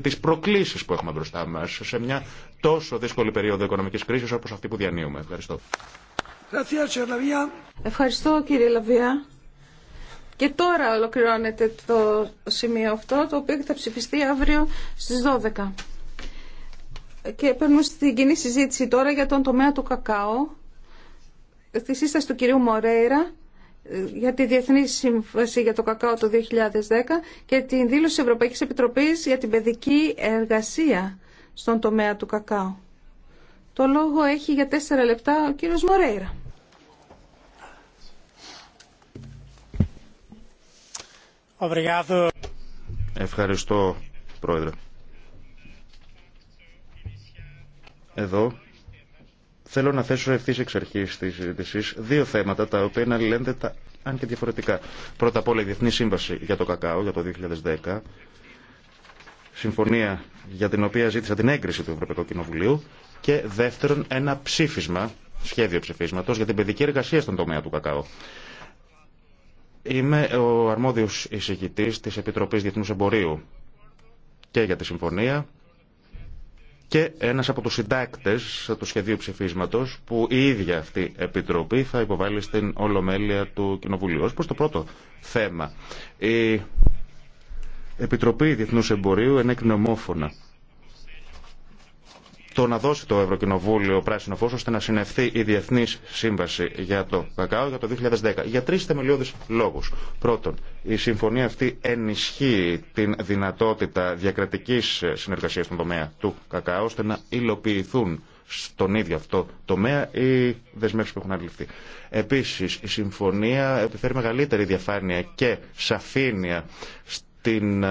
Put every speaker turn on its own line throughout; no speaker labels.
τις προκλήσεις που έχουμε μπροστά μας σε μια τόσο δύσκολη περίοδο οικονομικής κρίσης όπως αυτή που διανύουμε. Ευχαριστώ.
Ευχαριστώ κύριε Λαβία. Και τώρα ολοκληρώνεται το σημείο αυτό, το οποίο θα ψηφιστεί αύριο στις 12. Και παίρνουμε στην κοινή συζήτηση τώρα για τον τομέα του κακάο, στη σύσταση του κυρίου Μορέιρα, για τη Διεθνή Σύμβαση για το Κακάο το 2010 και την δήλωση Ευρωπαϊκής Επιτροπής για την παιδική εργασία στον τομέα του κακάο. Το λόγο έχει για τέσσερα λεπτά ο κύριος Μορέιρα.
Ευχαριστώ, Πρόεδρε. Εδώ Θέλω να θέσω ευθύ εξ αρχή τη συζήτηση δύο θέματα τα οποία είναι αλληλένδετα αν και διαφορετικά. Πρώτα απ' όλα η Διεθνή Σύμβαση για το Κακάο για το 2010, συμφωνία για την οποία ζήτησα την έγκριση του Ευρωπαϊκού Κοινοβουλίου και δεύτερον ένα ψήφισμα, σχέδιο ψηφίσματος για την παιδική εργασία στον τομέα του κακάο. Είμαι ο αρμόδιος εισηγητής της Επιτροπής Διεθνούς Εμπορίου και για τη συμφωνία και ένας από τους συντάκτες του σχεδίου ψηφίσματος που η ίδια αυτή επιτροπή θα υποβάλει στην Ολομέλεια του Κοινοβουλίου. Ως προς το πρώτο θέμα, η Επιτροπή Διεθνούς Εμπορίου ενέκρινε ομόφωνα το να δώσει το Ευρωκοινοβούλιο πράσινο φως ώστε να συνευθεί η Διεθνή Σύμβαση για το Κακάο για το 2010. Για τρει θεμελιώδει λόγου. Πρώτον, η συμφωνία αυτή ενισχύει την δυνατότητα διακρατική συνεργασία στον τομέα του Κακάο ώστε να υλοποιηθούν στον ίδιο αυτό τομέα οι δεσμεύσει που έχουν αναλυφθεί. Επίση, η συμφωνία επιφέρει μεγαλύτερη διαφάνεια και σαφήνεια στην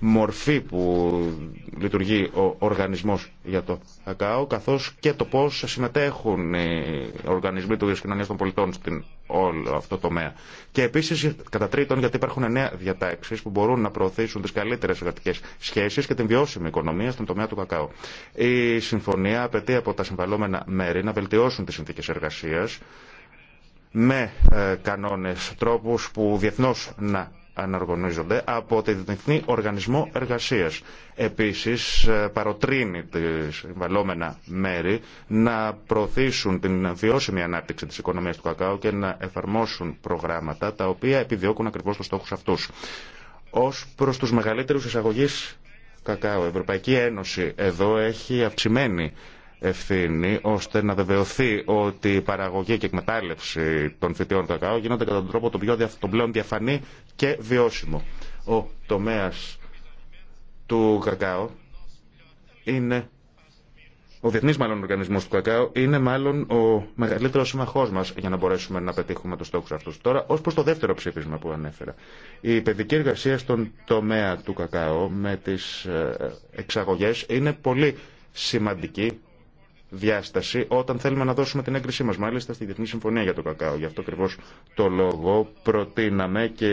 μορφή που λειτουργεί ο οργανισμός για το ΑΚΑΟ, καθώς και το πώς συμμετέχουν οι οργανισμοί του κοινωνίας των πολιτών στην όλο αυτό το τομέα. Και επίσης, κατά τρίτον, γιατί υπάρχουν νέα διατάξεις που μπορούν να προωθήσουν τις καλύτερες εργατικές σχέσεις και την βιώσιμη οικονομία στον τομέα του ΚΑΚΑΟ. Η συμφωνία απαιτεί από τα συμβαλόμενα μέρη να βελτιώσουν τις συνθήκες εργασίας με ε, κανόνες, τρόπους που διεθνώς να αναργωνίζονται από τη Διεθνή Οργανισμό Εργασίας. Επίσης, ε, παροτρύνει τις συμβαλόμενα μέρη να προωθήσουν την βιώσιμη ανάπτυξη της οικονομίας του κακάου και να εφαρμόσουν προγράμματα τα οποία επιδιώκουν ακριβώς τους στόχους αυτούς. Ως προς τους μεγαλύτερους εισαγωγείς κακάου, η Ευρωπαϊκή Ένωση εδώ έχει αυξημένη ευθύνη ώστε να βεβαιωθεί ότι η παραγωγή και η εκμετάλλευση των φυτών κακάο γίνονται κατά τον τρόπο τον, πιο, πλέον διαφανή και βιώσιμο. Ο τομέας του κακάο είναι ο διεθνή μάλλον οργανισμό του κακάο είναι μάλλον ο μεγαλύτερο σύμμαχό μα για να μπορέσουμε να πετύχουμε του στόχου αυτού. Τώρα, ω προ το δεύτερο ψήφισμα που ανέφερα. Η παιδική εργασία στον τομέα του κακάο με τι ε, ε, εξαγωγέ είναι πολύ σημαντική διάσταση όταν θέλουμε να δώσουμε την έγκρισή μας, μάλιστα στη Διεθνή Συμφωνία για το Κακάο. Γι' αυτό ακριβώ το λόγο προτείναμε και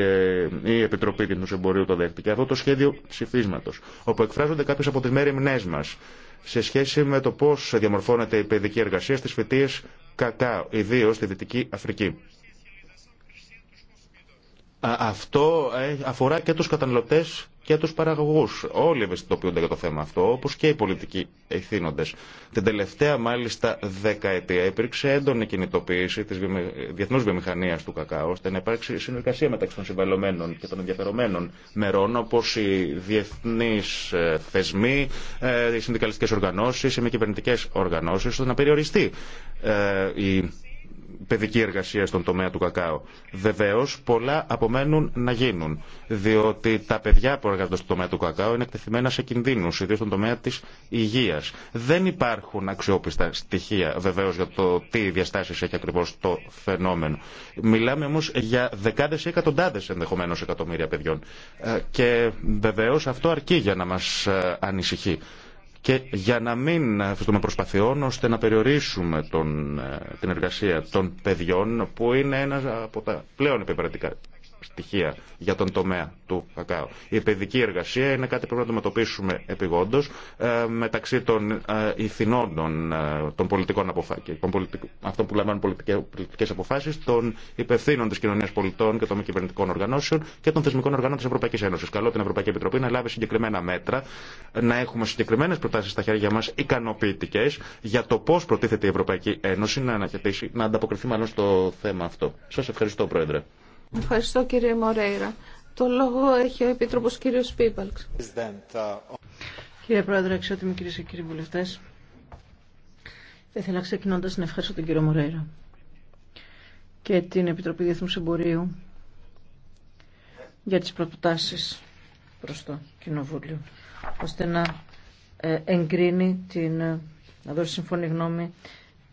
η Επιτροπή Διεθνούς Εμπορίου το δέχτηκε αυτό το σχέδιο ψηφίσματος, όπου εκφράζονται κάποιες από τις μέρημνές μας σε σχέση με το πώς διαμορφώνεται η παιδική εργασία στις φοιτίες κακάο, ιδίω στη Δυτική Αφρική. Αυτό ε, αφορά και τους καταναλωτές και τους παραγωγούς. Όλοι ευαισθητοποιούνται για το θέμα αυτό, όπως και οι πολιτικοί ευθύνοντες. Την τελευταία μάλιστα δεκαετία υπήρξε έντονη κινητοποίηση της διεθνούς βιομηχανίας του κακάο, ώστε να υπάρξει συνεργασία μεταξύ των συμβαλωμένων και των ενδιαφερομένων μερών, όπως οι διεθνείς ε, θεσμοί, ε, οι συνδικαλιστικές οργανώσεις, οι μη κυβερνητικές οργανώσεις, ώστε να περιοριστεί η παιδική εργασία στον τομέα του κακάο. Βεβαίω, πολλά απομένουν να γίνουν. Διότι τα παιδιά που εργάζονται στον τομέα του κακάο είναι εκτεθειμένα σε κινδύνου, ιδίω στον τομέα τη υγεία. Δεν υπάρχουν αξιόπιστα στοιχεία, βεβαίω, για το τι διαστάσει έχει ακριβώ το φαινόμενο. Μιλάμε όμω για δεκάδε ή εκατοντάδε ενδεχομένω εκατομμύρια παιδιών. Ε, και βεβαίω αυτό αρκεί για να μα ε, ανησυχεί και για να μην αφιστούμε προσπαθειών ώστε να περιορίσουμε ε, την εργασία των παιδιών που είναι ένα από τα πλέον επιβαρυντικά στοιχεία για τον τομέα του κακάου. Η παιδική εργασία είναι κάτι που πρέπει να αντιμετωπίσουμε επιγόντω ε, μεταξύ των ε, ηθινών των, ε, πολιτικών αποφάσεων, αυτών που λαμβάνουν πολιτικέ αποφάσει, των υπευθύνων τη κοινωνία πολιτών και των κυβερνητικών οργανώσεων και των θεσμικών οργανών τη Ευρωπαϊκή Ένωση. Καλό την Ευρωπαϊκή Επιτροπή να λάβει συγκεκριμένα μέτρα, να έχουμε συγκεκριμένε προτάσει στα χέρια μα ικανοποιητικέ για το πώ προτίθεται η Ευρωπαϊκή Ένωση να αναχαιτήσει, να ανταποκριθεί μάλλον στο θέμα αυτό. Σα ευχαριστώ, Πρόεδρε.
Ευχαριστώ κύριε Μορέιρα. Το λόγο έχει ο Επίτροπος κύριος Πίπαλξ.
Κύριε Πρόεδρε, αξιότιμοι κύριε και κύριοι βουλευτές, θα ήθελα ξεκινώντα να ευχαριστώ τον κύριο Μορέιρα και την Επιτροπή Διεθνού Εμπορίου για τις προτάσεις προς το Κοινοβούλιο, ώστε να ε, εγκρίνει την, να δώσει συμφωνή γνώμη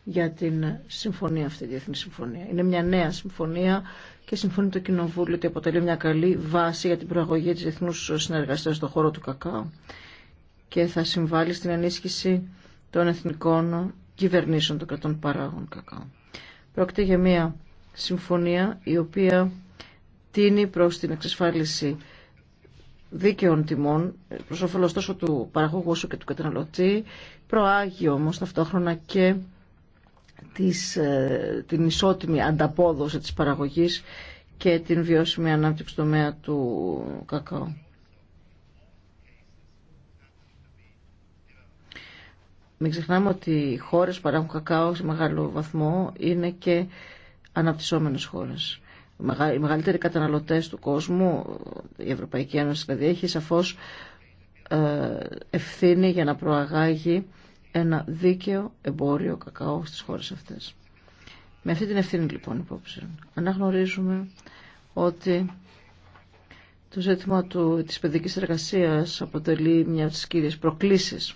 για την συμφωνία αυτή, τη Διεθνή Συμφωνία. Είναι μια νέα συμφωνία και συμφωνεί το Κοινοβούλιο ότι αποτελεί μια καλή βάση για την προαγωγή της διεθνούς συνεργασία στον χώρο του κακάου και θα συμβάλλει στην ενίσχυση των εθνικών κυβερνήσεων των κρατών παράγων κακάου. Πρόκειται για μια συμφωνία η οποία τίνει προς την εξασφάλιση δίκαιων τιμών, προς όφελο τόσο του παραγωγού όσο και του καταναλωτή, προάγει όμως ταυτόχρονα και της, ε, την ισότιμη ανταπόδοση της παραγωγής και την βιώσιμη ανάπτυξη του τομέα του κακάου. Μην ξεχνάμε ότι οι χώρες που παράγουν κακάο σε μεγάλο βαθμό είναι και αναπτυσσόμενες χώρες. Οι μεγαλύτεροι καταναλωτές του κόσμου, η Ευρωπαϊκή Ένωση δηλαδή, έχει σαφώς ε, ευθύνη για να προαγάγει ένα δίκαιο εμπόριο κακάο στις χώρες αυτές. Με αυτή την ευθύνη λοιπόν υπόψη αναγνωρίζουμε ότι το ζήτημα του, της παιδικής εργασίας αποτελεί μια από τις κύριες προκλήσεις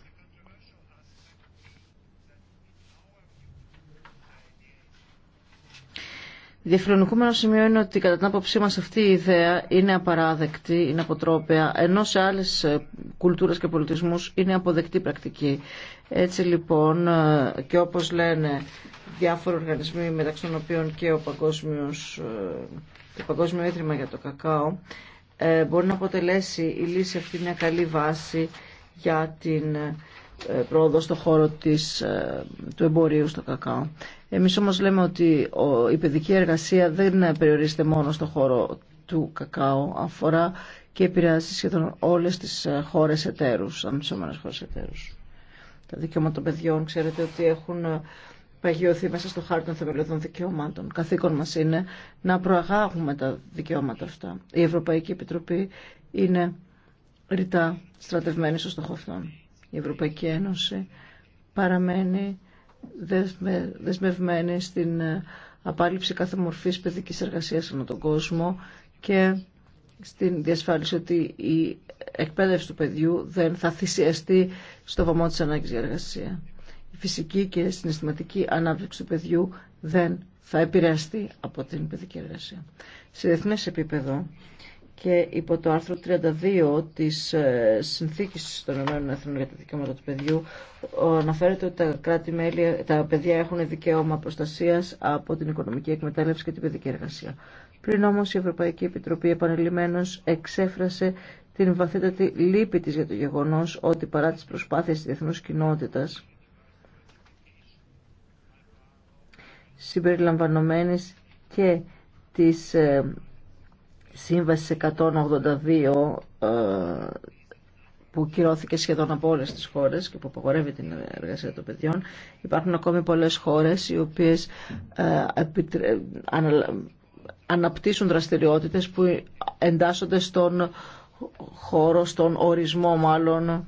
Διαφιλονικούμενο σημείο είναι ότι κατά την άποψή μας αυτή η ιδέα είναι απαράδεκτη, είναι αποτρόπαια, ενώ σε άλλες ε, κουλτούρες και πολιτισμούς είναι αποδεκτή πρακτική. Έτσι λοιπόν ε, και όπως λένε διάφοροι οργανισμοί μεταξύ των οποίων και ο Παγκόσμιος, ε, το Παγκόσμιο Ίδρυμα για το Κακάο ε, μπορεί να αποτελέσει η λύση αυτή μια καλή βάση για την πρόοδο στο χώρο της, του εμπορίου στο κακάο. Εμείς όμως λέμε ότι η παιδική εργασία δεν περιορίζεται μόνο στο χώρο του κακάο, αφορά και επηρεάζει σχεδόν όλες τις χώρες εταίρους, αναπτυσσόμενες χώρες εταίρους τα δικαιώματα των παιδιών. Ξέρετε ότι έχουν ε, παγιωθεί μέσα στο χάρτη των θεμελιωδών δικαιωμάτων. Καθήκον μας είναι να προαγάγουμε τα δικαιώματα αυτά. Η Ευρωπαϊκή Επιτροπή είναι ρητά στρατευμένη στο στόχο αυτών. Η Ευρωπαϊκή Ένωση παραμένει δεσμευμένη στην ε, απάλληψη κάθε μορφής παιδικής εργασίας ανά τον κόσμο και στην διασφάλιση ότι η εκπαίδευση του παιδιού δεν θα θυσιαστεί στο βωμό της ανάγκης για εργασία. Η φυσική και συναισθηματική ανάπτυξη του παιδιού δεν θα επηρεαστεί από την παιδική εργασία. Σε διεθνές επίπεδο και υπό το άρθρο 32 της ε, Συνθήκης των Ηνωμένων Εθνών για τα Δικαιώματα του Παιδιού αναφέρεται ότι τα, τα παιδιά έχουν δικαίωμα προστασίας από την οικονομική εκμετάλλευση και την παιδική εργασία. Πριν όμως η Ευρωπαϊκή Επιτροπή επανελειμμένως εξέφρασε την βαθύτατη λύπη της για το γεγονός ότι παρά τις προσπάθειες της διεθνούς κοινότητας συμπεριλαμβανομένης και της ε, Σύμβασης 182 ε, που κυρώθηκε σχεδόν από όλες τις χώρες και που απαγορεύει την εργασία των παιδιών. Υπάρχουν ακόμη πολλές χώρες οι οποίες ε, αναπτύσσουν δραστηριότητες που εντάσσονται στον χώρο, στον ορισμό μάλλον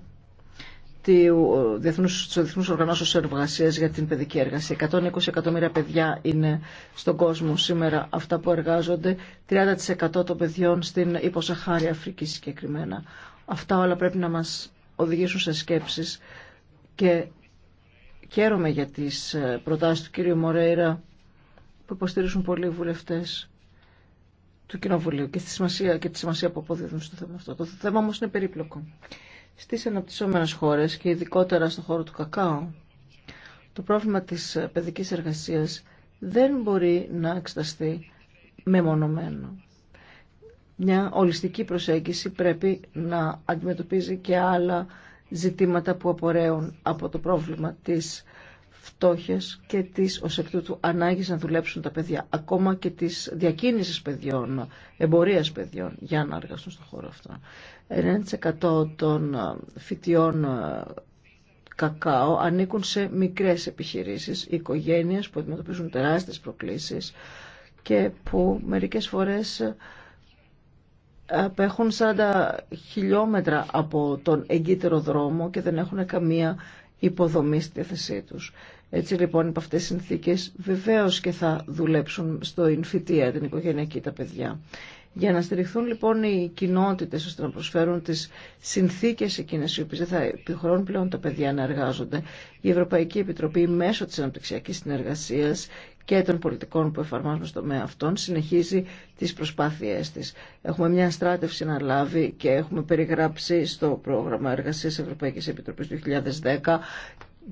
του Διεθνούς Οργανώσεως Εργασίας για την παιδική εργασία. 120 εκατομμύρια παιδιά είναι στον κόσμο σήμερα αυτά που εργάζονται, 30% των παιδιών στην υποσαχάρια Αφρική συγκεκριμένα. Αυτά όλα πρέπει να μας οδηγήσουν σε σκέψεις και χαίρομαι για τις προτάσεις του κύριου Μορέιρα που υποστηρίζουν πολλοί βουλευτέ του Κοινοβουλίου και, στη σημασία, και τη σημασία που αποδίδουν στο θέμα αυτό. Το θέμα όμω είναι περίπλοκο. Στις αναπτυσσόμενες χώρες και ειδικότερα στον χώρο του κακάο, το πρόβλημα της παιδικής εργασίας δεν μπορεί να εξεταστεί μεμονωμένο. Μια ολιστική προσέγγιση πρέπει να αντιμετωπίζει και άλλα ζητήματα που απορρέουν από το πρόβλημα της φτώχειας και της ως εκ τούτου ανάγκης να δουλέψουν τα παιδιά, ακόμα και της διακίνησης παιδιών, εμπορίας παιδιών για να εργαστούν στον χώρο αυτό. 9% των ε, φοιτιών ε, κακάο ανήκουν σε μικρές επιχειρήσεις, οικογένειε, που αντιμετωπίζουν τεράστιες προκλήσεις και που μερικές φορές ε, απέχουν 40 χιλιόμετρα από τον εγκύτερο δρόμο και δεν έχουν καμία υποδομή στη θέση τους. Έτσι λοιπόν από αυτές τις συνθήκες βεβαίως και θα δουλέψουν στο Ινφιτία την οικογενειακή τα παιδιά. Για να στηριχθούν λοιπόν οι κοινότητες ώστε να προσφέρουν τις συνθήκες εκείνες οι οποίες δεν θα επιχωρούν πλέον τα παιδιά να εργάζονται, η Ευρωπαϊκή Επιτροπή μέσω της αναπτυξιακής συνεργασίας και των πολιτικών που εφαρμόζουν στο μέα αυτών συνεχίζει τις προσπάθειές της. Έχουμε μια στράτευση να λάβει και έχουμε περιγράψει στο πρόγραμμα εργασίας Ευρωπαϊκής Επιτροπής 2010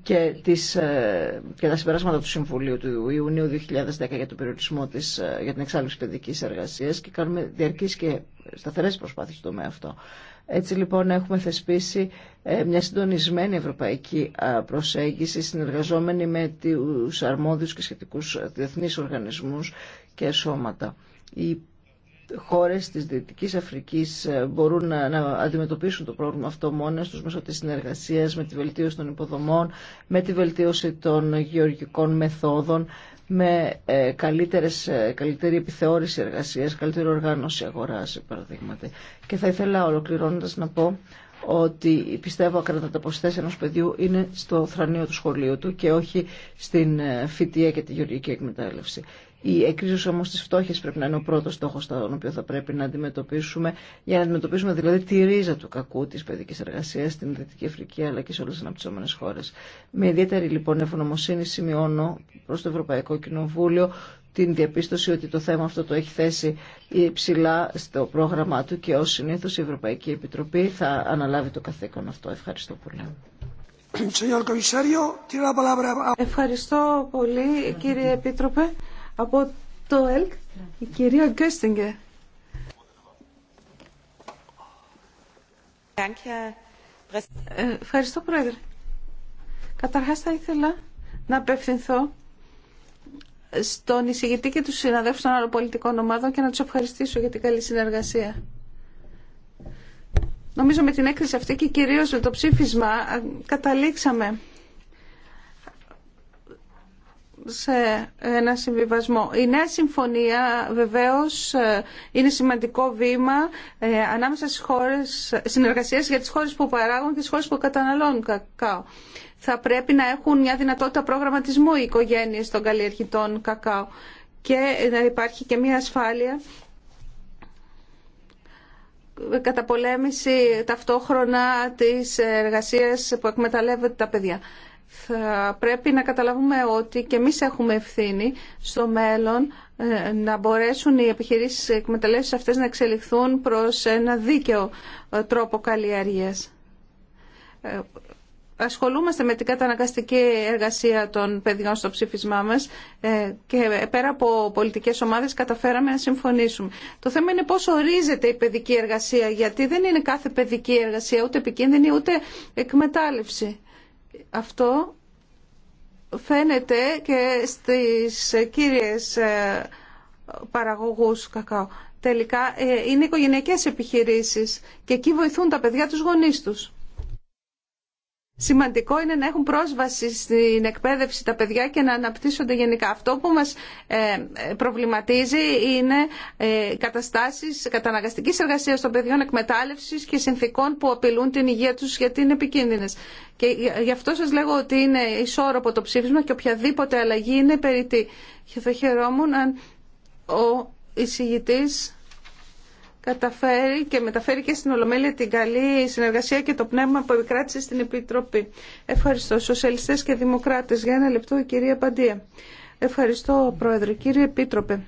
και, τις, ε, και τα συμπεράσματα του Συμβουλίου του Ιουνίου 2010 για, τον περιορισμό της, ε, για την εξάλληψη παιδικής εργασίας και κάνουμε διαρκείς και σταθερές προσπάθειες στο τομέα αυτό. Έτσι λοιπόν έχουμε θεσπίσει ε, μια συντονισμένη ευρωπαϊκή προσέγγιση συνεργαζόμενη με τους αρμόδιους και σχετικούς διεθνείς οργανισμούς και σώματα. Η χώρες της Δυτικής Αφρικής ε, μπορούν να, να αντιμετωπίσουν το πρόβλημα αυτό μόνες τους μέσω της συνεργασίας με τη βελτίωση των υποδομών, με τη βελτίωση των γεωργικών μεθόδων, με ε, καλύτερες, ε, καλύτερη επιθεώρηση εργασίας, καλύτερη οργάνωση αγοράς, παραδείγματι. Και θα ήθελα ολοκληρώνοντας να πω ότι πιστεύω ακράτα πως η ενός παιδιού είναι στο θρανείο του σχολείου του και όχι στην φοιτεία και τη γεωργική εκμετάλλευση. Η εκρίζωση όμω τη φτώχεια πρέπει να είναι ο πρώτο στόχο τον οποίο θα πρέπει να αντιμετωπίσουμε, για να αντιμετωπίσουμε δηλαδή τη ρίζα του κακού τη παιδική εργασία στην Δυτική Αφρική αλλά και σε όλε τι αναπτυσσόμενε χώρε. Με ιδιαίτερη λοιπόν ευγνωμοσύνη σημειώνω προ το Ευρωπαϊκό Κοινοβούλιο την διαπίστωση ότι το θέμα αυτό το έχει θέσει υψηλά στο πρόγραμμά του και ως συνήθως η Ευρωπαϊκή Επιτροπή θα αναλάβει το καθήκον αυτό. Ευχαριστώ πολύ.
Ευχαριστώ πολύ κύριε Επίτροπε. Από το ΕΛΚ, η κυρία Γκέστιγκε.
Ε,
ευχαριστώ, Πρόεδρε. Καταρχάς θα ήθελα να απευθυνθώ στον εισηγητή και τους συναδέλφου των άλλων ομάδων και να τους ευχαριστήσω για την καλή συνεργασία. Νομίζω με την έκθεση αυτή και κυρίως με το ψήφισμα καταλήξαμε σε ένα συμβιβασμό. Η νέα συμφωνία βεβαίως είναι σημαντικό βήμα ε, ανάμεσα στις χώρες συνεργασίας για τις χώρες που παράγουν και τις χώρες που καταναλώνουν κακάο. Θα πρέπει να έχουν μια δυνατότητα προγραμματισμού οι οικογένειες των καλλιεργητών κακάο και να υπάρχει και μια ασφάλεια ε, καταπολέμηση ταυτόχρονα της εργασίας που εκμεταλλεύεται τα παιδιά θα πρέπει να καταλάβουμε ότι και εμείς έχουμε ευθύνη στο μέλλον ε, να μπορέσουν οι επιχειρήσεις εκμεταλλεύσει αυτές να εξελιχθούν προς ένα δίκαιο ε, τρόπο καλλιέργειας. Ε, ασχολούμαστε με την καταναγκαστική εργασία των παιδιών στο ψήφισμά μας και πέρα από πολιτικές ομάδες καταφέραμε να συμφωνήσουμε. Το θέμα είναι πώς ορίζεται η παιδική εργασία, γιατί δεν είναι κάθε παιδική εργασία ούτε επικίνδυνη ούτε εκμετάλλευση. Αυτό φαίνεται και στις κύριες ε, παραγωγούς κακάο. Τελικά ε, είναι οικογενειακές επιχειρήσεις και εκεί βοηθούν τα παιδιά τους γονείς τους. Σημαντικό είναι να έχουν πρόσβαση στην εκπαίδευση τα παιδιά και να αναπτύσσονται γενικά. Αυτό που μας ε, προβληματίζει είναι ε, καταστάσεις καταναγκαστικής εργασίας των παιδιών, εκμετάλλευσης και συνθήκων που απειλούν την υγεία τους γιατί είναι επικίνδυνες. Και γι' αυτό σας λέγω ότι είναι ισόρροπο το ψήφισμα και οποιαδήποτε αλλαγή είναι περίτη. Και θα χαιρόμουν αν ο εισηγητής καταφέρει και μεταφέρει και στην Ολομέλεια την καλή συνεργασία και το πνεύμα που επικράτησε στην Επιτροπή. Ευχαριστώ. Σοσιαλιστές και Δημοκράτες. Για ένα λεπτό η κυρία Παντία. Ευχαριστώ Πρόεδρε. Κύριε Επίτροπε.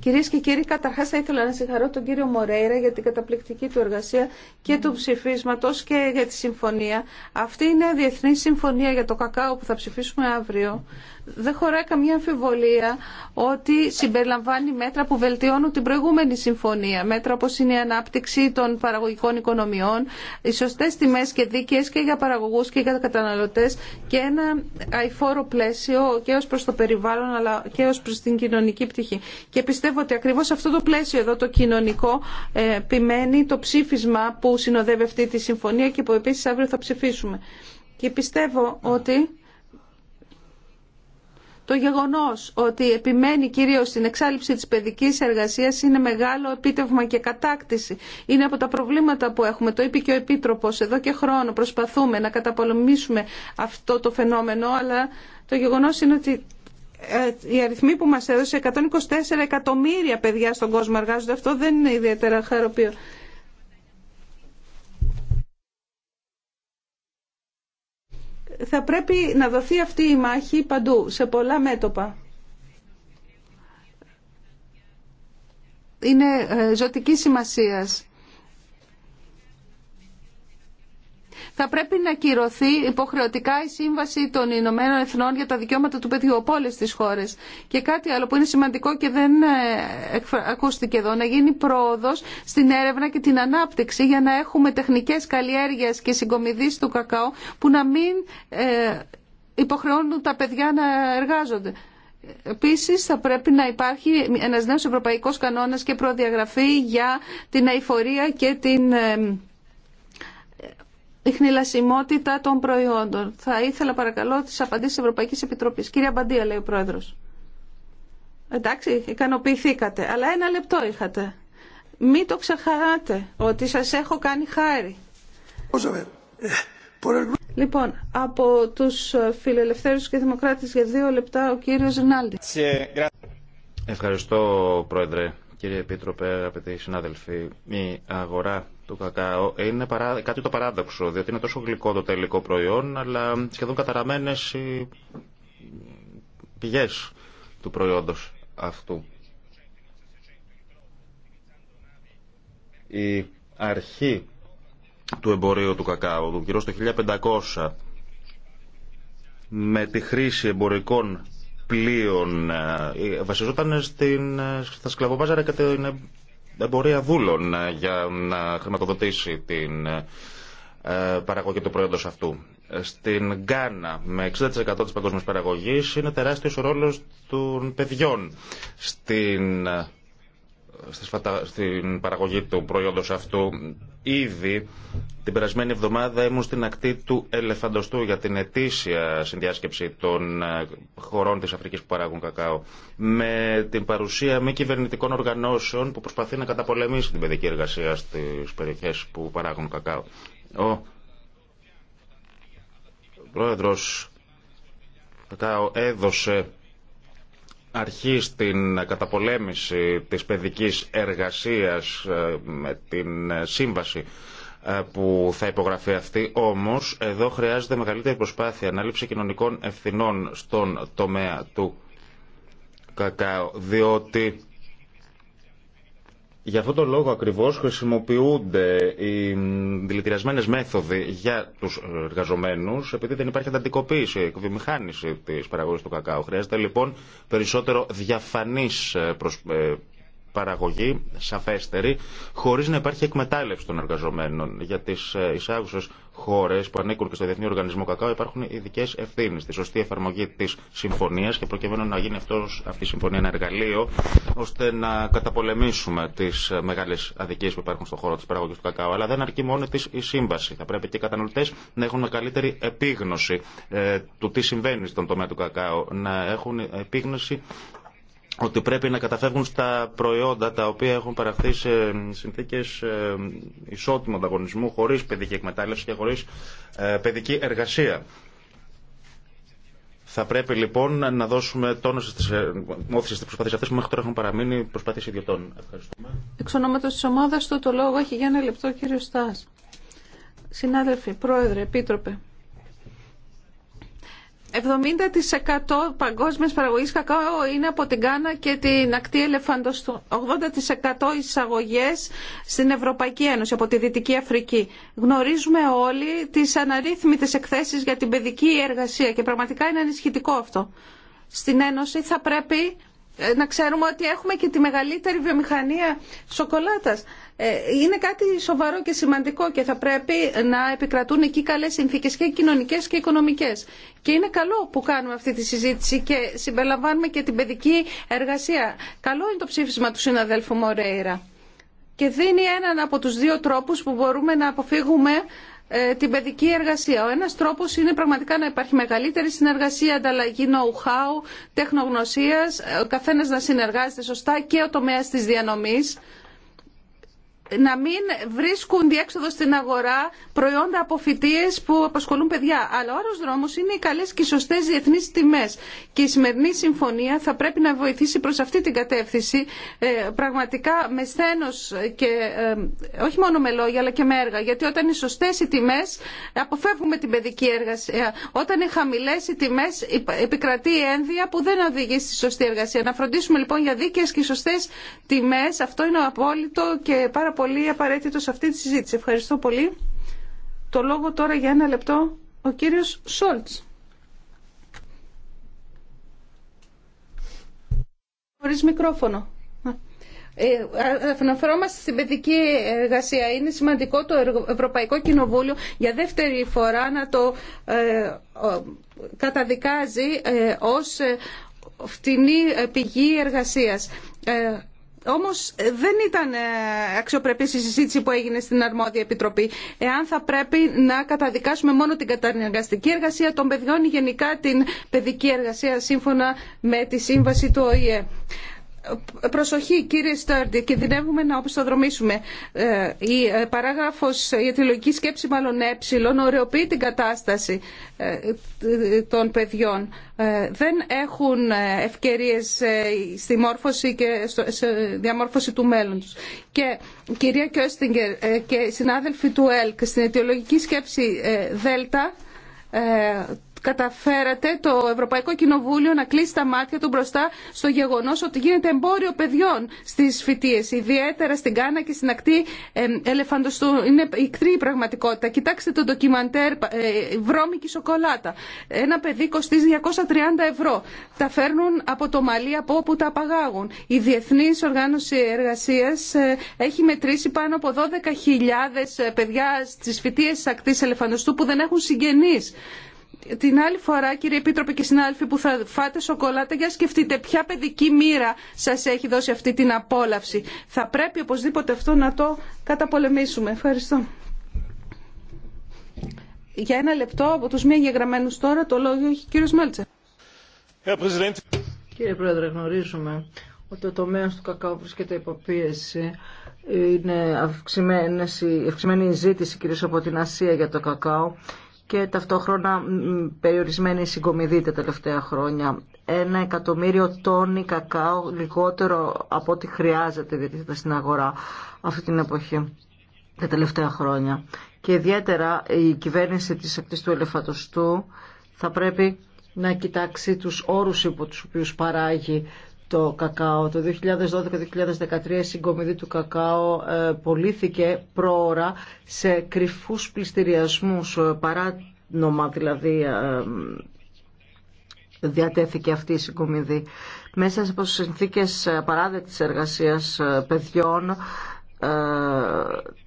Κυρίε και κύριοι, καταρχά θα ήθελα να συγχαρώ τον κύριο Μορέιρα για την καταπληκτική του εργασία και του ψηφίσματο και για τη συμφωνία. Αυτή είναι η Διεθνή Συμφωνία για το Κακάο που θα ψηφίσουμε αύριο. Δεν χωράει καμία αμφιβολία ότι συμπεριλαμβάνει μέτρα που βελτιώνουν την προηγούμενη συμφωνία. Μέτρα όπω είναι η ανάπτυξη των παραγωγικών οικονομιών, οι σωστέ τιμέ και δίκαιε και για παραγωγού και για καταναλωτέ και ένα αηφόρο πλαίσιο και ω προ το περιβάλλον αλλά και ω την κοινωνική πτυχή. Και πιστεύω ότι ακριβώς αυτό το πλαίσιο εδώ το κοινωνικό ε, επιμένει το ψήφισμα που συνοδεύει αυτή τη συμφωνία και που επίσης αύριο θα ψηφίσουμε. Και πιστεύω ότι το γεγονός ότι επιμένει κυρίως στην εξάλληψη της παιδικής εργασίας είναι μεγάλο επίτευγμα και κατάκτηση. Είναι από τα προβλήματα που έχουμε, το είπε και ο Επίτροπος, εδώ και χρόνο προσπαθούμε να καταπολεμήσουμε αυτό το φαινόμενο, αλλά το γεγονός είναι ότι ε, οι αριθμοί που μας έδωσε 124 εκατομμύρια παιδιά στον κόσμο εργάζονται. Αυτό δεν είναι ιδιαίτερα χαροποιό. Θα πρέπει να δοθεί αυτή η μάχη παντού, σε πολλά μέτωπα. Είναι ε, ζωτική σημασίας θα πρέπει να κυρωθεί υποχρεωτικά η Σύμβαση των Ηνωμένων Εθνών για τα δικαιώματα του παιδιού από όλε τι χώρε. Και κάτι άλλο που είναι σημαντικό και δεν ε, ακούστηκε εδώ, να γίνει πρόοδο στην έρευνα και την ανάπτυξη για να έχουμε τεχνικέ καλλιέργειας και συγκομιδή του κακάο που να μην ε, υποχρεώνουν τα παιδιά να εργάζονται. Επίση, θα πρέπει να υπάρχει ένα νέο ευρωπαϊκό κανόνα και προδιαγραφή για την αηφορία και την ε, η χνηλασιμότητα των προϊόντων. Θα ήθελα παρακαλώ τις απαντήσεις της Ευρωπαϊκής Επιτροπής. Κύριε Αμπαντία, λέει ο Πρόεδρος. Εντάξει, ικανοποιηθήκατε, αλλά ένα λεπτό είχατε. Μην το ξεχαράτε ότι σας έχω κάνει χάρη. Ε, λοιπόν, από τους φιλελευθέρους και δημοκράτες για δύο λεπτά ο κύριο Ρινάλντι.
Ευχαριστώ, Πρόεδρε. Κύριε Επίτροπε, αγαπητοί συνάδελφοι, η αγορά το κακάο είναι παρά, κάτι το παράδοξο, διότι είναι τόσο γλυκό το τελικό προϊόν, αλλά σχεδόν καταραμένες οι πηγές του προϊόντος αυτού. Η αρχή του εμπορίου του κακάου, γύρω στο 1500, με τη χρήση εμπορικών πλοίων ε, βασιζόταν στην, ε, στα σκλαβοβάζαρα και την δεν μπορεί δούλων για να χρηματοδοτήσει την ε, παραγωγή του προϊόντος αυτού. Στην Γκάνα με 60% της παγκόσμιας παραγωγής είναι τεράστιος ο ρόλος των παιδιών στην ε, στην παραγωγή του προϊόντος αυτού. Ήδη την περασμένη εβδομάδα ήμουν στην ακτή του Ελεφαντοστού για την ετήσια συνδιάσκεψη των ε, χωρών της Αφρικής που παράγουν κακάο με την παρουσία μη κυβερνητικών οργανώσεων που προσπαθεί να καταπολεμήσει την παιδική εργασία στις περιοχές που παράγουν κακάο. Ο πρόεδρος Κακάο έδωσε αρχή στην καταπολέμηση της παιδικής εργασίας ε, με την ε, σύμβαση ε, που θα υπογραφεί αυτή. Όμως εδώ χρειάζεται μεγαλύτερη προσπάθεια, ανάληψη κοινωνικών ευθυνών στον τομέα του Κακάου, διότι για αυτόν τον λόγο ακριβώς χρησιμοποιούνται οι δηλητηριασμένε μέθοδοι για τους εργαζομένους επειδή δεν υπάρχει ανταντικοποίηση, εκβιομηχάνηση της παραγωγής του κακάου. Χρειάζεται λοιπόν περισσότερο διαφανής ε, ε, παραγωγή σαφέστερη, χωρίς να υπάρχει εκμετάλλευση των εργαζομένων. Για τις ε, εισάγουσες χώρες που ανήκουν και στο Διεθνή Οργανισμό Κακάο υπάρχουν ειδικέ ευθύνε. Τη σωστή εφαρμογή τη συμφωνία και προκειμένου να γίνει αυτός, αυτή η συμφωνία ένα εργαλείο, ώστε να καταπολεμήσουμε τι ε, μεγάλε αδικίες που υπάρχουν στον χώρο τη παραγωγή του κακάο. Αλλά δεν αρκεί μόνο της η σύμβαση. Θα πρέπει και οι καταναλωτές να έχουν καλύτερη επίγνωση ε, του τι συμβαίνει στον τομέα του Κακάου, να έχουν επίγνωση ότι πρέπει να καταφεύγουν στα προϊόντα τα οποία έχουν παραχθεί σε συνθήκες ε, ισότιμου ανταγωνισμού χωρίς παιδική εκμετάλλευση και χωρίς ε, παιδική εργασία. Θα πρέπει λοιπόν να δώσουμε τόνο στι ε, όθησε τη προσπάθεια αυτέ που μέχρι τώρα έχουν παραμείνει προσπάθειε ιδιωτών. Ευχαριστούμε.
Εξ ονόματο τη ομάδα του, το λόγο έχει για ένα λεπτό ο κύριο Στά. Συνάδελφοι, πρόεδρε, επίτροπε. 70% παγκόσμια παραγωγής κακάο είναι από την Κάνα και την ακτή ελεφαντοστού. 80% εισαγωγές στην Ευρωπαϊκή Ένωση από τη Δυτική Αφρική. Γνωρίζουμε όλοι τις αναρρύθμιτες εκθέσεις για την παιδική εργασία και πραγματικά είναι ανησυχητικό αυτό. Στην Ένωση θα πρέπει ε, να ξέρουμε ότι έχουμε και τη μεγαλύτερη βιομηχανία σοκολάτας ε, είναι κάτι σοβαρό και σημαντικό και θα πρέπει να επικρατούν εκεί καλές συνθήκες και κοινωνικές και οικονομικές. Και είναι καλό που κάνουμε αυτή τη συζήτηση και συμπεριλαμβάνουμε και την παιδική εργασία. Καλό είναι το ψήφισμα του συναδέλφου Μορέιρα. Και δίνει έναν από τους δύο τρόπους που μπορούμε να αποφύγουμε ε, την παιδική εργασία. Ο ένας τρόπος είναι πραγματικά να υπάρχει μεγαλύτερη συνεργασία, ανταλλαγή know-how, τεχνογνωσίας, ο καθένας να συνεργάζεται σωστά και ο τομέας της διανομής να μην βρίσκουν διέξοδο στην αγορά προϊόντα από φοιτίε που απασχολούν παιδιά. Αλλά ο άλλος δρόμος είναι οι καλέ και σωστέ διεθνεί τιμέ. Και η σημερινή συμφωνία θα πρέπει να βοηθήσει προ αυτή την κατεύθυνση ε, πραγματικά με σθένο και ε, όχι μόνο με λόγια αλλά και με έργα. Γιατί όταν είναι σωστέ οι τιμέ αποφεύγουμε την παιδική εργασία. Όταν είναι χαμηλέ οι τιμέ, επικρατεί η ένδυα που δεν οδηγεί στη σωστή εργασία. Να φροντίσουμε λοιπόν για δίκαιε και σωστέ τιμέ, Αυτό είναι απόλυτο και πάρα πολύ απαραίτητο σε αυτή τη συζήτηση. Ευχαριστώ πολύ. Το λόγο τώρα για ένα λεπτό ο κύριος Σόλτς. Χωρίς μικρόφωνο. Ε, αναφερόμαστε στην παιδική εργασία. Είναι σημαντικό το Ευρωπαϊκό Κοινοβούλιο για δεύτερη φορά να το ε, καταδικάζει ε, ως ε, φτηνή πηγή εργασίας. Ε, όμως ε, δεν ήταν ε, αξιοπρεπή η συζήτηση που έγινε στην αρμόδια επιτροπή. Εάν θα πρέπει να καταδικάσουμε μόνο την καταναγκαστική εργασία των παιδιών ή γενικά την παιδική εργασία σύμφωνα με τη σύμβαση του ΟΗΕ. Προσοχή κύριε Στέρντ, κινδυνεύουμε να οπισθοδρομήσουμε. Ε, η ε, παράγραφος η αιτιολογική σκέψη μάλλον ε ωρεοποιεί την κατάσταση ε, των παιδιών. Δεν έχουν ευκαιρίες στη μόρφωση και στη διαμόρφωση του μέλλοντος. Και κυρία Κιώστιγκερ και οι συνάδελφοι του ΕΛΚ στην αιτιολογική σκέψη ΔΕΛΤΑ καταφέρατε το Ευρωπαϊκό Κοινοβούλιο να κλείσει τα μάτια του μπροστά στο γεγονό ότι γίνεται εμπόριο παιδιών στι φοιτίε, ιδιαίτερα στην Κάνα και στην ακτή ε, Ελεφαντοστού. Είναι ικτρή η πραγματικότητα. Κοιτάξτε το ντοκιμαντέρ ε, «Βρώμικη σοκολάτα». Ένα παιδί κοστίζει 230 ευρώ. Τα φέρνουν από το Μαλί, από όπου τα απαγάγουν. Η διεθνή Οργάνωση Εργασίας ε, έχει μετρήσει πάνω από 12.000 παιδιά στι φοιτίε τη ακτή Ελεφαντοστού που δεν έχουν συγγενεί την άλλη φορά, κύριε Επίτροπε και συνάδελφοι, που θα φάτε σοκολάτα, για σκεφτείτε ποια παιδική μοίρα σας έχει δώσει αυτή την απόλαυση. Θα πρέπει οπωσδήποτε αυτό να το καταπολεμήσουμε. Ευχαριστώ. Για ένα λεπτό από τους μία εγγεγραμμένους τώρα το λόγιο έχει ο κύριος Μέλτσερ.
Κύριε Πρόεδρε, γνωρίζουμε ότι ο τομέα του κακάου βρίσκεται πίεση Είναι αυξημένη η ζήτηση κυρίως από την Ασία για το κακάο και ταυτόχρονα περιορισμένη συγκομιδή τα τελευταία χρόνια. Ένα εκατομμύριο τόνι κακάο λιγότερο από ό,τι χρειάζεται διατίθεται στην αγορά αυτή την εποχή τα τελευταία χρόνια. Και ιδιαίτερα η κυβέρνηση της ακτής του ελεφατοστού θα πρέπει να κοιτάξει τους όρους υπό τους οποίους παράγει το κακάο. Το 2012-2013 η συγκομιδή του κακάο ε, πολίθηκε πρόωρα σε κρυφούς πληστηριασμούς, ε, παράνομα δηλαδή ε, διατέθηκε αυτή η συγκομιδή. Μέσα από συνθήκες παράδεκτης εργασίας παιδιών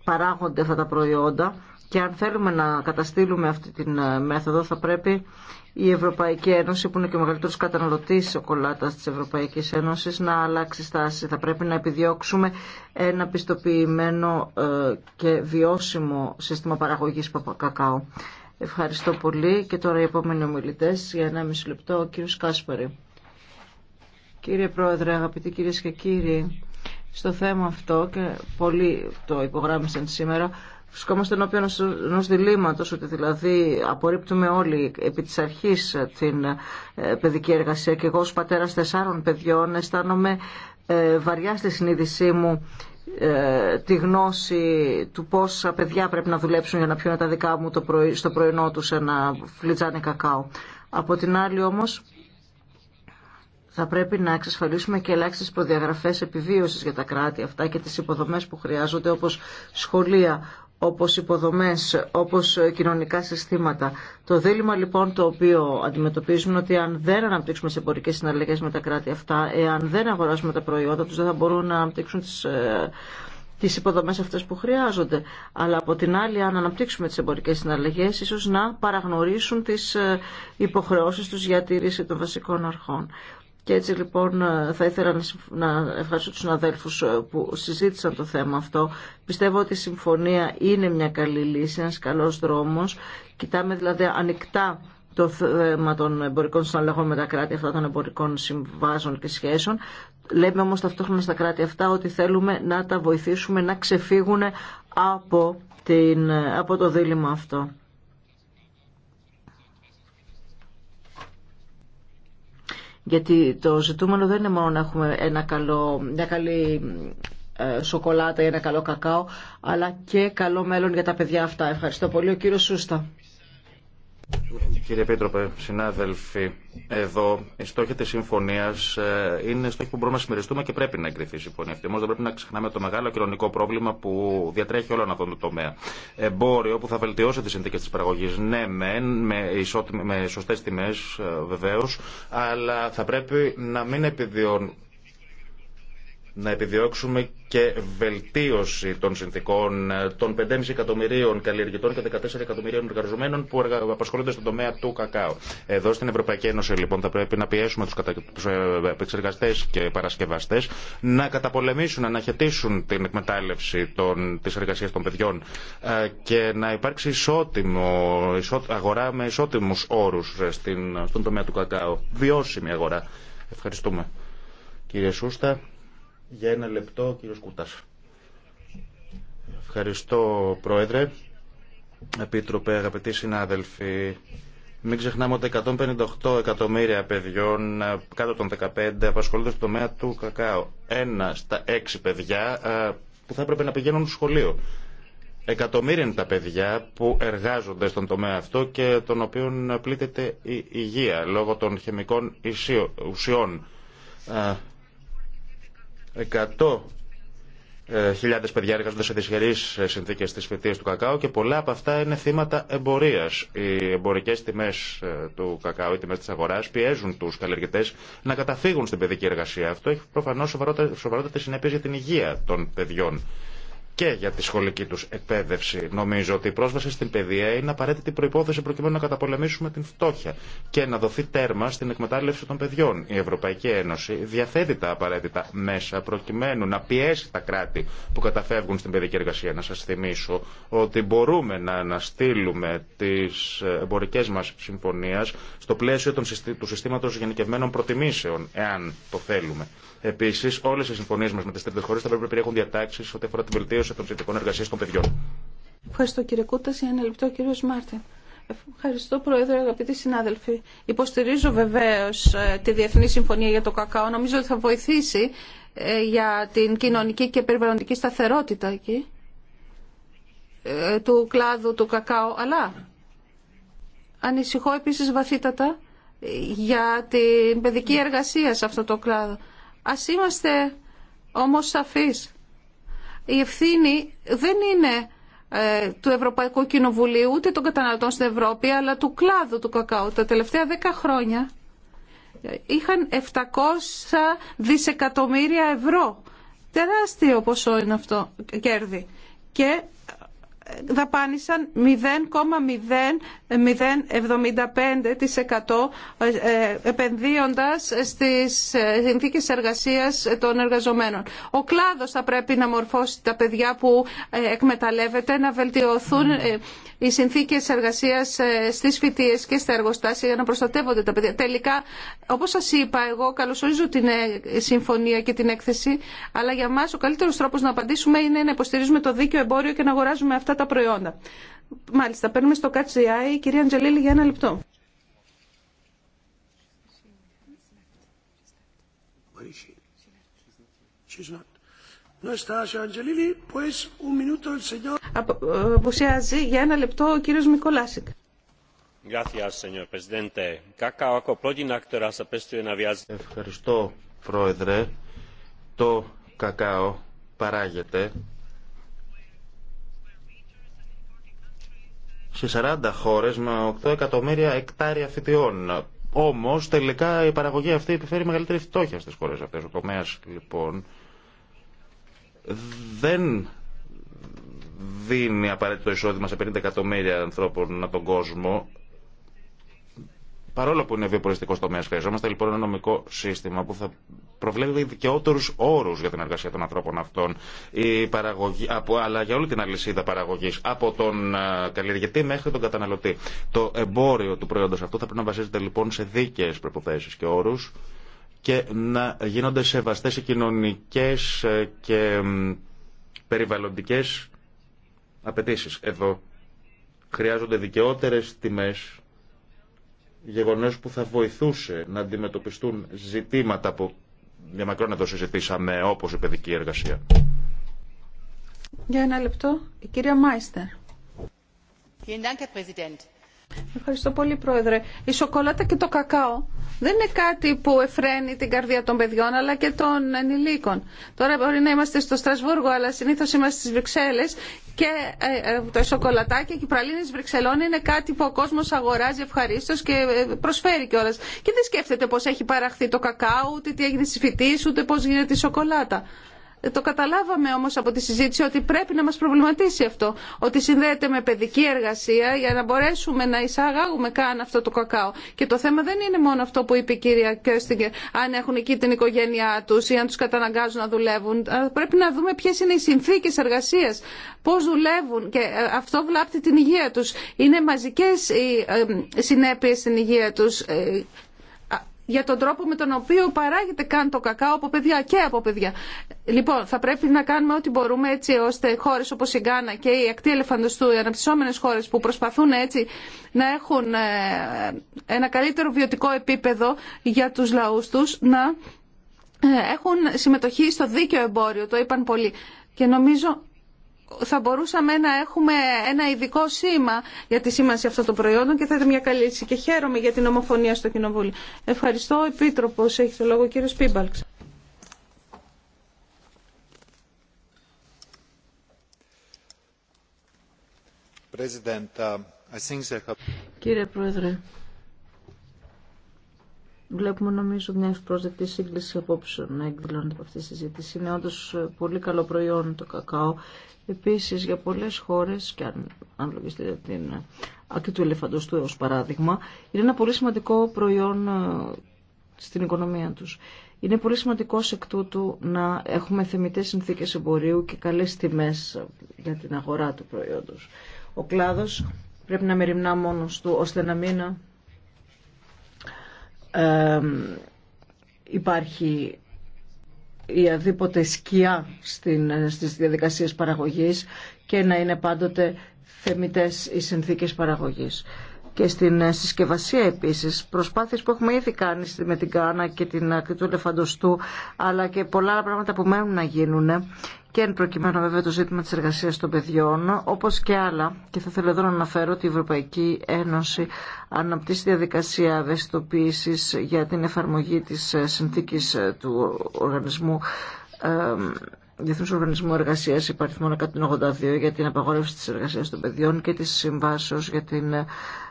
παράγονται αυτά τα προϊόντα και αν θέλουμε να καταστήλουμε αυτή τη ε, μέθοδο θα πρέπει η Ευρωπαϊκή Ένωση που είναι και ο μεγαλύτερος καταναλωτής σοκολάτας της Ευρωπαϊκής Ένωσης να αλλάξει στάση. Θα πρέπει να επιδιώξουμε ένα πιστοποιημένο ε, και βιώσιμο σύστημα παραγωγής κακάο. Ευχαριστώ πολύ και τώρα οι επόμενοι ομιλητές για ένα μισό λεπτό ο κύριος Κάσπαρη. Κύριε Πρόεδρε, αγαπητοί κυρίες και κύριοι, στο θέμα αυτό και πολλοί το υπογράμμισαν σήμερα, Βρισκόμαστε ενώπιον ενό διλήμματο ότι δηλαδή απορρίπτουμε όλοι επί τη αρχή την ε, παιδική εργασία και εγώ ω πατέρα τεσσάρων παιδιών αισθάνομαι ε, βαριά στη συνείδησή μου ε, τη γνώση του πόσα παιδιά πρέπει να δουλέψουν για να πιούν τα δικά μου το πρωί, στο πρωινό τους ένα φλιτζάνι κακάο. Από την άλλη όμως θα πρέπει να εξασφαλίσουμε και ελάχιστε προδιαγραφές επιβίωσης για τα κράτη αυτά και τις υποδομές που χρειάζονται όπως σχολεία, όπως υποδομές, όπως κοινωνικά συστήματα. Το δίλημα λοιπόν το οποίο αντιμετωπίζουμε ότι αν δεν αναπτύξουμε τι εμπορικέ συναλλαγές με τα κράτη αυτά, εάν δεν αγοράσουμε τα προϊόντα τους δεν θα μπορούν να αναπτύξουν τις, ε, τις υποδομές αυτές που χρειάζονται. Αλλά από την άλλη αν αναπτύξουμε τις εμπορικές συναλλαγές ίσως να παραγνωρίσουν τις ε, υποχρεώσεις τους για τη ρίση των βασικών αρχών. Και έτσι λοιπόν θα ήθελα να ευχαριστώ τους αδέλφους ε, που συζήτησαν το θέμα αυτό. Πιστεύω ότι η συμφωνία είναι μια καλή λύση, ένας καλός δρόμος. Κοιτάμε δηλαδή ανοιχτά το θέμα των εμπορικών συναλλαγών με τα κράτη αυτά, των εμπορικών συμβάζων και σχέσεων. Λέμε όμως ταυτόχρονα στα κράτη αυτά ότι θέλουμε να τα βοηθήσουμε να ξεφύγουν από, την, από το δίλημα αυτό. Γιατί το ζητούμενο δεν είναι μόνο να έχουμε ένα καλό, μια καλή ε, σοκολάτα ή ένα καλό κακάο, αλλά και καλό μέλλον για τα παιδιά αυτά. Ευχαριστώ πολύ. Ο κύριος Σούστα.
Κύριε Πίτροπε, συνάδελφοι, εδώ η στόχοι τη συμφωνία ε, είναι στόχοι που μπορούμε να συμμεριστούμε και πρέπει να εγκριθεί η συμφωνία αυτή. Όμω δεν πρέπει να ξεχνάμε το μεγάλο κοινωνικό πρόβλημα που διατρέχει όλο αυτό το τομέα. Εμπόριο που θα βελτιώσει τι συνθήκε τη παραγωγή, ναι, με, με σωστέ τιμέ ε, βεβαίω, αλλά θα πρέπει να μην επιδίων να επιδιώξουμε και βελτίωση των συνθήκων ε, των 5,5 εκατομμυρίων καλλιεργητών και 14 εκατομμυρίων εργαζομένων που απασχολούνται στον τομέα του κακάου. Εδώ στην Ευρωπαϊκή Ένωση λοιπόν θα πρέπει να πιέσουμε τους, ε, επεξεργαστέ και παρασκευαστές να καταπολεμήσουν, να αναχαιτήσουν την εκμετάλλευση των... της των παιδιών ε, και να υπάρξει ισότιμο, ισό... αγορά με ισότιμους όρους στον τομέα του κακάο. Βιώσιμη αγορά. Ευχαριστούμε. Κύριε Σούστα. Για ένα λεπτό, κύριος Κούτας. Ευχαριστώ, Πρόεδρε. Επίτροπε, αγαπητοί συνάδελφοι, μην ξεχνάμε ότι 158 εκατομμύρια παιδιών ε, κάτω των 15 απασχολούνται στο τομέα του κακάο. Ένα στα έξι παιδιά ε, που θα έπρεπε να πηγαίνουν στο σχολείο. Εκατομμύρια είναι τα παιδιά που εργάζονται στον τομέα αυτό και των οποίων πλήττεται η υγεία λόγω των χημικών ουσιών ε, ε, χιλιάδε παιδιά εργάζονται σε δυσχερεί ε, συνθήκε στι φυτίε του κακάου και πολλά από αυτά είναι θύματα εμπορία. Οι εμπορικέ τιμέ ε, του κακάου, οι τιμέ τη αγορά, πιέζουν του καλλιεργητέ να καταφύγουν στην παιδική εργασία. Αυτό έχει προφανώ σοβαρότατε συνέπειε για την υγεία των παιδιών και για τη σχολική τους εκπαίδευση. Νομίζω ότι η πρόσβαση στην παιδεία είναι απαραίτητη προϋπόθεση προκειμένου να καταπολεμήσουμε την φτώχεια και να δοθεί τέρμα στην εκμετάλλευση των παιδιών. Η Ευρωπαϊκή Ένωση διαθέτει τα απαραίτητα μέσα προκειμένου να πιέσει τα κράτη που καταφεύγουν στην παιδική εργασία. Να σας θυμίσω ότι μπορούμε να αναστείλουμε τις εμπορικές μας συμφωνίες στο πλαίσιο του συστήματος γενικευμένων προτιμήσεων, εάν το θέλουμε. Επίσης, όλες οι συμφωνίες μας με τις θα πρέπει να έχουν διατάξεις ό,τι αφορά την βελτίωση σε των συνθηκών εργασία των παιδιών.
Ευχαριστώ κύριε Κούτα. Για ένα λεπτό κύριο Μάρτιν. Ευχαριστώ, Πρόεδρε, αγαπητοί συνάδελφοι. Υποστηρίζω βεβαίω ε, τη Διεθνή Συμφωνία για το Κακάο. Νομίζω ότι θα βοηθήσει ε, για την κοινωνική και περιβαλλοντική σταθερότητα εκεί ε, του κλάδου του κακάο. Αλλά ανησυχώ επίση βαθύτατα για την παιδική εργασία σε αυτό το κλάδο. Α είμαστε όμω σαφεί η ευθύνη δεν είναι ε, του Ευρωπαϊκού Κοινοβουλίου ούτε των καταναλωτών στην Ευρώπη αλλά του κλάδου του κακάου. Τα τελευταία δέκα χρόνια είχαν 700 δισεκατομμύρια ευρώ. Τεράστιο ποσό είναι αυτό κέρδη. Και δαπάνησαν 0,075% ε, ε, επενδύοντας στις ε, συνθήκες εργασίας των εργαζομένων. Ο κλάδος θα πρέπει να μορφώσει τα παιδιά που εκμεταλλεύεται, να βελτιωθούν οι συνθήκε εργασία ε, στι φοιτίες και στα εργοστάσια για να προστατεύονται τα παιδιά. Τελικά, όπω σα είπα, εγώ καλωσορίζω την ε, συμφωνία και την έκθεση, αλλά για μα ο καλύτερο τρόπο να απαντήσουμε είναι να υποστηρίζουμε το δίκαιο εμπόριο και να αγοράζουμε αυτά τα προϊόντα. Μάλιστα, παίρνουμε στο ΚΑΤΣΙΑΙ, κυρία Αντζελίλη, για ένα λεπτό. She's not για ένα λεπτό ο
Ευχαριστώ, Πρόεδρε. Το κακάο παράγεται σε 40 χώρες με 8 εκατομμύρια εκτάρια φυτιών. Όμως τελικά η παραγωγή αυτή επιφέρει μεγαλύτερη φτώχεια στις χώρες αυτές. Ο τομέας λοιπόν δεν δίνει απαραίτητο εισόδημα σε 50 εκατομμύρια ανθρώπων από τον κόσμο. Παρόλο που είναι βιοποριστικό τομέα, χρειαζόμαστε λοιπόν ένα νομικό σύστημα που θα προβλέπει δικαιότερου όρου για την εργασία των ανθρώπων αυτών, η παραγωγή, από, αλλά για όλη την αλυσίδα παραγωγή, από τον ε, καλλιεργητή μέχρι τον καταναλωτή. Το εμπόριο του προϊόντο αυτού θα πρέπει να βασίζεται λοιπόν σε δίκαιε προποθέσει και όρου και να γίνονται σεβαστές οι κοινωνικές ε, και περιβαλλοντικές απαιτήσεις. Εδώ χρειάζονται δικαιότερες τιμές, γεγονός που θα βοηθούσε να αντιμετωπιστούν ζητήματα που για να εδώ συζητήσαμε, όπως η παιδική εργασία.
Για ένα λεπτό, η κυρία Μάιστερ. Ευχαριστώ πολύ, Πρόεδρε. Η σοκολάτα και το κακάο δεν είναι κάτι που εφραίνει την καρδία των παιδιών αλλά και των ενηλίκων. Τώρα μπορεί να είμαστε στο Στρασβούργο, αλλά συνήθως είμαστε στις Βρυξέλλες και ε, ε, το σοκολατάκι και οι της Βρυξελών είναι κάτι που ο κόσμος αγοράζει ευχαρίστως και ε, προσφέρει κιόλα. Και δεν σκέφτεται πώς έχει παραχθεί το κακάο, ούτε τι έγινε στις φοιτήσεις, ούτε πώς γίνεται η σοκολάτα. Το καταλάβαμε όμως από τη συζήτηση ότι πρέπει να μας προβληματίσει αυτό, ότι συνδέεται με παιδική εργασία για να μπορέσουμε να εισαγάγουμε καν αυτό το κακάο. Και το θέμα δεν είναι μόνο αυτό που είπε η κυρία Κέρστιγκερ, αν έχουν εκεί την οικογένειά τους ή αν τους καταναγκάζουν να δουλεύουν. Πρέπει να δούμε ποιες είναι οι συνθήκες εργασίας, πώς δουλεύουν και ε, αυτό βλάπτει την υγεία τους. Είναι μαζικές οι ε, συνέπειες στην υγεία τους ε, για τον τρόπο με τον οποίο παράγεται καν το κακάο από παιδιά και από παιδιά. Λοιπόν, θα πρέπει να κάνουμε ό,τι μπορούμε έτσι ώστε χώρες όπως η Γκάνα και η ακτή ελεφαντοστού, οι αναπτυσσόμενες χώρες που προσπαθούν έτσι να έχουν ε, ένα καλύτερο βιωτικό επίπεδο για τους λαούς τους, να ε, έχουν συμμετοχή στο δίκαιο εμπόριο, το είπαν πολλοί. Και νομίζω θα μπορούσαμε να έχουμε ένα ειδικό σήμα για τη σήμανση αυτών των προϊόντων και θα ήταν μια καλή λύση. Και χαίρομαι για την ομοφωνία στο Κοινοβούλιο. Ευχαριστώ. Επίτροπο, έχει το λόγο ο κύριο Πίμπαλξ.
Uh,
Κύριε Πρόεδρε, Βλέπουμε νομίζω μια ευπρόσδεκτη σύγκληση απόψεων να εκδηλώνεται από αυτή τη συζήτηση. Είναι όντω ε, πολύ καλό προϊόν το κακάο. Επίση για πολλέ χώρε, και αν, αν λογιστείτε την ακτή ε, του ελεφαντοστού ω παράδειγμα, είναι ένα πολύ σημαντικό προϊόν ε, στην οικονομία του. Είναι πολύ σημαντικό εκ τούτου να έχουμε θεμητέ συνθήκε εμπορίου και καλέ τιμέ για την αγορά του προϊόντο. Ο κλάδο πρέπει να μεριμνά μόνο του ώστε να μην υπάρχει η αδίποτε σκιά στην, στις διαδικασίες παραγωγής και να είναι πάντοτε θεμητές οι συνθήκες παραγωγής. Και στην ε, συσκευασία επίσης, προσπάθειες που έχουμε ήδη κάνει με την Κάνα και την άκρη του Λεφαντοστού, αλλά και πολλά άλλα πράγματα που μένουν να γίνουν, και εν προκειμένου βέβαια το ζήτημα της εργασίας των παιδιών, όπως και άλλα. Και θα θέλω εδώ να αναφέρω ότι η Ευρωπαϊκή Ένωση αναπτύσσει διαδικασία ευαισθητοποίησης για την εφαρμογή της ε, συνθήκης ε, του οργανισμού Διεθνού Οργανισμού Εργασία υπαριθμών 182 για την απαγόρευση τη εργασία των παιδιών και τη συμβάσεω για,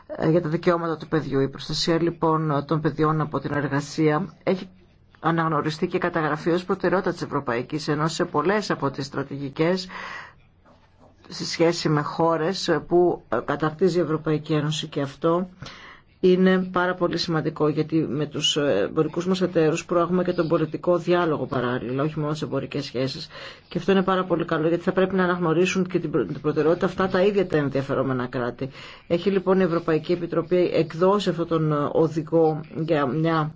ε, για τα δικαιώματα του παιδιού. Η προστασία λοιπόν των παιδιών από την εργασία έχει αναγνωριστεί και καταγραφεί ως προτεραιότητα της Ευρωπαϊκής Ένωσης σε πολλές από τις στρατηγικές σε σχέση με χώρες που καταρτίζει η Ευρωπαϊκή Ένωση και αυτό είναι πάρα πολύ σημαντικό γιατί με τους εμπορικούς μας εταίρους προάγουμε και τον πολιτικό διάλογο παράλληλα, όχι μόνο σε εμπορικές σχέσεις. Και αυτό είναι πάρα πολύ καλό γιατί θα πρέπει να αναγνωρίσουν και την προτεραιότητα αυτά τα ίδια τα ενδιαφερόμενα κράτη. Έχει λοιπόν η Ευρωπαϊκή Επιτροπή εκδώσει αυτόν τον οδηγό για μια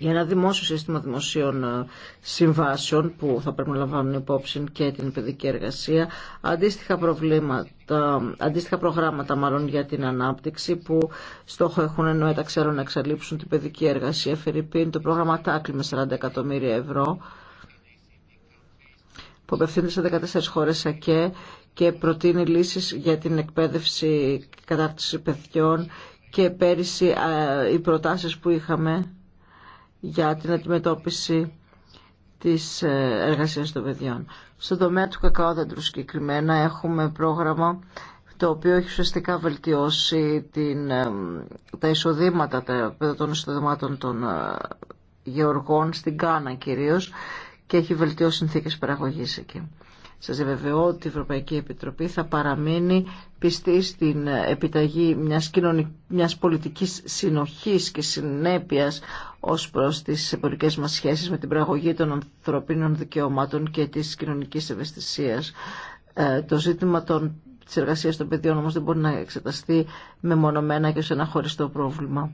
για ένα δημόσιο σύστημα δημοσίων ε, συμβάσεων που θα πρέπει να λαμβάνουν υπόψη και την παιδική εργασία, αντίστοιχα, προβλήματα, προγράμματα μάλλον για την ανάπτυξη που στόχο έχουν ενώ ξέρω να εξαλείψουν την παιδική εργασία. Φερρυπίν το πρόγραμμα Τάκλι με 40 εκατομμύρια ευρώ που απευθύνεται σε 14 χώρες ΑΚΕ και προτείνει λύσεις για την εκπαίδευση κατάρτιση παιδιών και πέρυσι ε, οι προτάσεις που είχαμε για την αντιμετώπιση της ε, εργασίας των παιδιών. Στο τομέα του κακάοδαντρου συγκεκριμένα έχουμε πρόγραμμα το οποίο έχει ουσιαστικά βελτιώσει την, ε, τα εισοδήματα, τα των εισοδημάτων των ε, γεωργών, στην Κάνα κυρίως, και έχει βελτιώσει συνθήκες παραγωγής εκεί. Σας βεβαιώ ότι η Ευρωπαϊκή Επιτροπή θα παραμείνει πιστή στην επιταγή μιας, κοινωνικ... μιας πολιτικής συνοχής και συνέπειας ως προς τις εμπορικέ μας σχέσεις με την πραγωγή των ανθρωπίνων δικαιωμάτων και της κοινωνικής ευαισθησίας. Ε, το ζήτημα των τη εργασία των παιδιών όμω δεν μπορεί να εξεταστεί μεμονωμένα και σε ένα χωριστό πρόβλημα.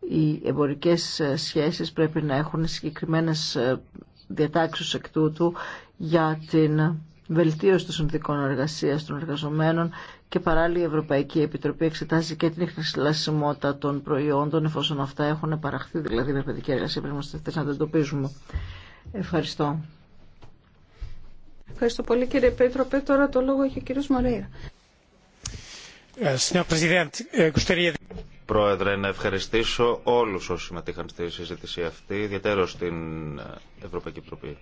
Οι εμπορικέ ε, σχέσεις πρέπει να έχουν συγκεκριμένε ε, διατάξεις εκ τούτου για την βελτίωση των συνδικών εργασία των εργαζομένων και παράλληλα η Ευρωπαϊκή Επιτροπή εξετάζει και την ειχνηλασιμότητα των προϊόντων εφόσον αυτά έχουν παραχθεί δηλαδή με παιδική εργασία πρέπει να το να τα εντοπίζουμε. Ευχαριστώ.
Ευχαριστώ πολύ κύριε Πέτροπε. Τώρα το λόγο έχει ο κύριος Μαρέα.
Ε, ε, Πρόεδρε, να ευχαριστήσω όλους όσοι συμμετείχαν στη συζήτηση αυτή, ιδιαίτερα στην ε, Ευρωπαϊκή Επιτροπή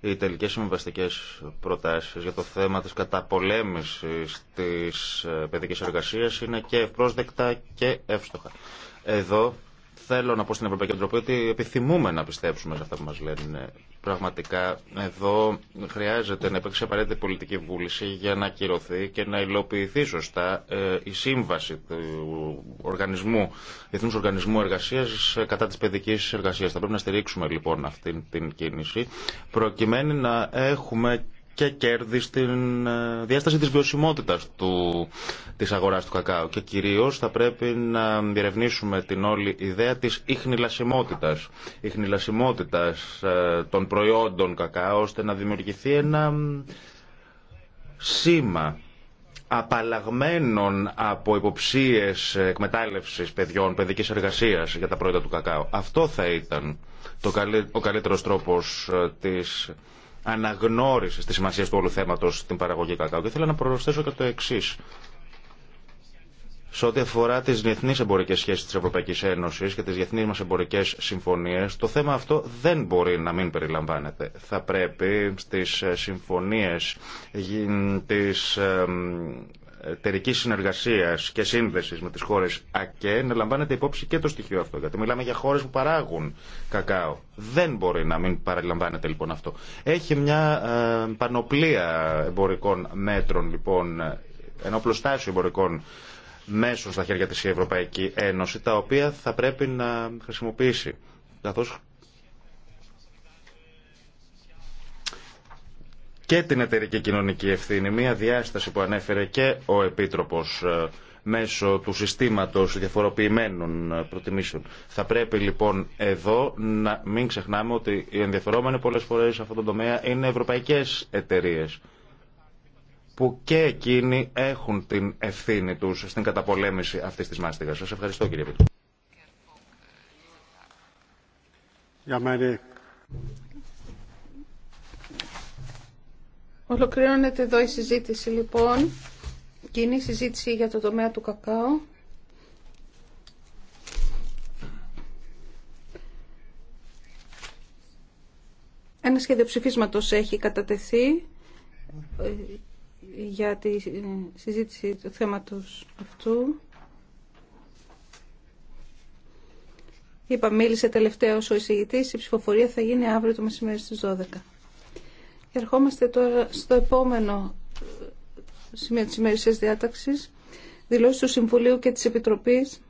οι τελικές συμβαστικές προτάσεις για το θέμα της καταπολέμησης της ε, παιδικής εργασίας είναι και ευπρόσδεκτα και εύστοχα. Εδώ θέλω να πω στην Ευρωπαϊκή Επιτροπή ότι επιθυμούμε να πιστέψουμε σε αυτά που μα λένε. Πραγματικά εδώ χρειάζεται να υπάρξει απαραίτητη πολιτική βούληση για να κυρωθεί και να υλοποιηθεί σωστά ε, η σύμβαση του οργανισμού, Οργανισμού Εργασίας ε, κατά τη παιδική εργασία. Θα πρέπει να στηρίξουμε λοιπόν αυτή την κίνηση προκειμένου να έχουμε και κέρδη στην ε, διάσταση της βιωσιμότητας του, της αγοράς του κακάο και κυρίως θα πρέπει να διερευνήσουμε την όλη ιδέα της ιχνηλασιμότητας, ιχνηλασιμότητας ε, των προϊόντων κακάο ώστε να δημιουργηθεί ένα σήμα απαλλαγμένων από υποψίες εκμετάλλευσης παιδιών, παιδικής εργασίας για τα προϊόντα του κακάου. Αυτό θα ήταν το ο καλύτερο τρόπο ε, τη αναγνώρισε τη σημασία του όλου θέματος στην παραγωγή κακάου. Και ήθελα να προσθέσω και το εξή. Σε ό,τι αφορά τι διεθνεί εμπορικέ σχέσει τη Ευρωπαϊκή Ένωση και τι διεθνεί μα εμπορικέ συμφωνίε, το θέμα αυτό δεν μπορεί να μην περιλαμβάνεται. Θα πρέπει στι συμφωνίε τη εταιρική συνεργασία και σύνδεση με τι χώρε ΑΚΕ να λαμβάνεται υπόψη και το στοιχείο αυτό. Γιατί μιλάμε για χώρε που παράγουν κακάο. Δεν μπορεί να μην παραλαμβάνεται λοιπόν αυτό. Έχει μια ε, πανοπλία εμπορικών μέτρων λοιπόν, ένα εμπορικών μέσων στα χέρια της Ευρωπαϊκή Ένωση, τα οποία θα πρέπει να χρησιμοποιήσει και την εταιρική κοινωνική ευθύνη, μια διάσταση που ανέφερε και ο Επίτροπος ε, μέσω του συστήματος διαφοροποιημένων ε, προτιμήσεων. Θα πρέπει λοιπόν εδώ να μην ξεχνάμε ότι οι ενδιαφερόμενοι πολλές φορές σε αυτό το τομέα είναι ευρωπαϊκές εταιρείε που και εκείνοι έχουν την ευθύνη τους στην καταπολέμηση αυτής της μάστιγας. Σας ευχαριστώ κύριε Πίτρο.
Ολοκληρώνεται εδώ η συζήτηση λοιπόν. Κοινή συζήτηση για το τομέα του κακάου. Ένα σχέδιο ψηφίσματος έχει κατατεθεί ε, για τη ε, συζήτηση του θέματος αυτού. Είπα, μίλησε τελευταίος ο εισηγητής. Η ψηφοφορία θα γίνει αύριο το μεσημέρι στις 12. Ερχόμαστε τώρα στο επόμενο ε, σημείο της ημερησίας διάταξης, δηλώσεις του Συμβουλίου και της Επιτροπής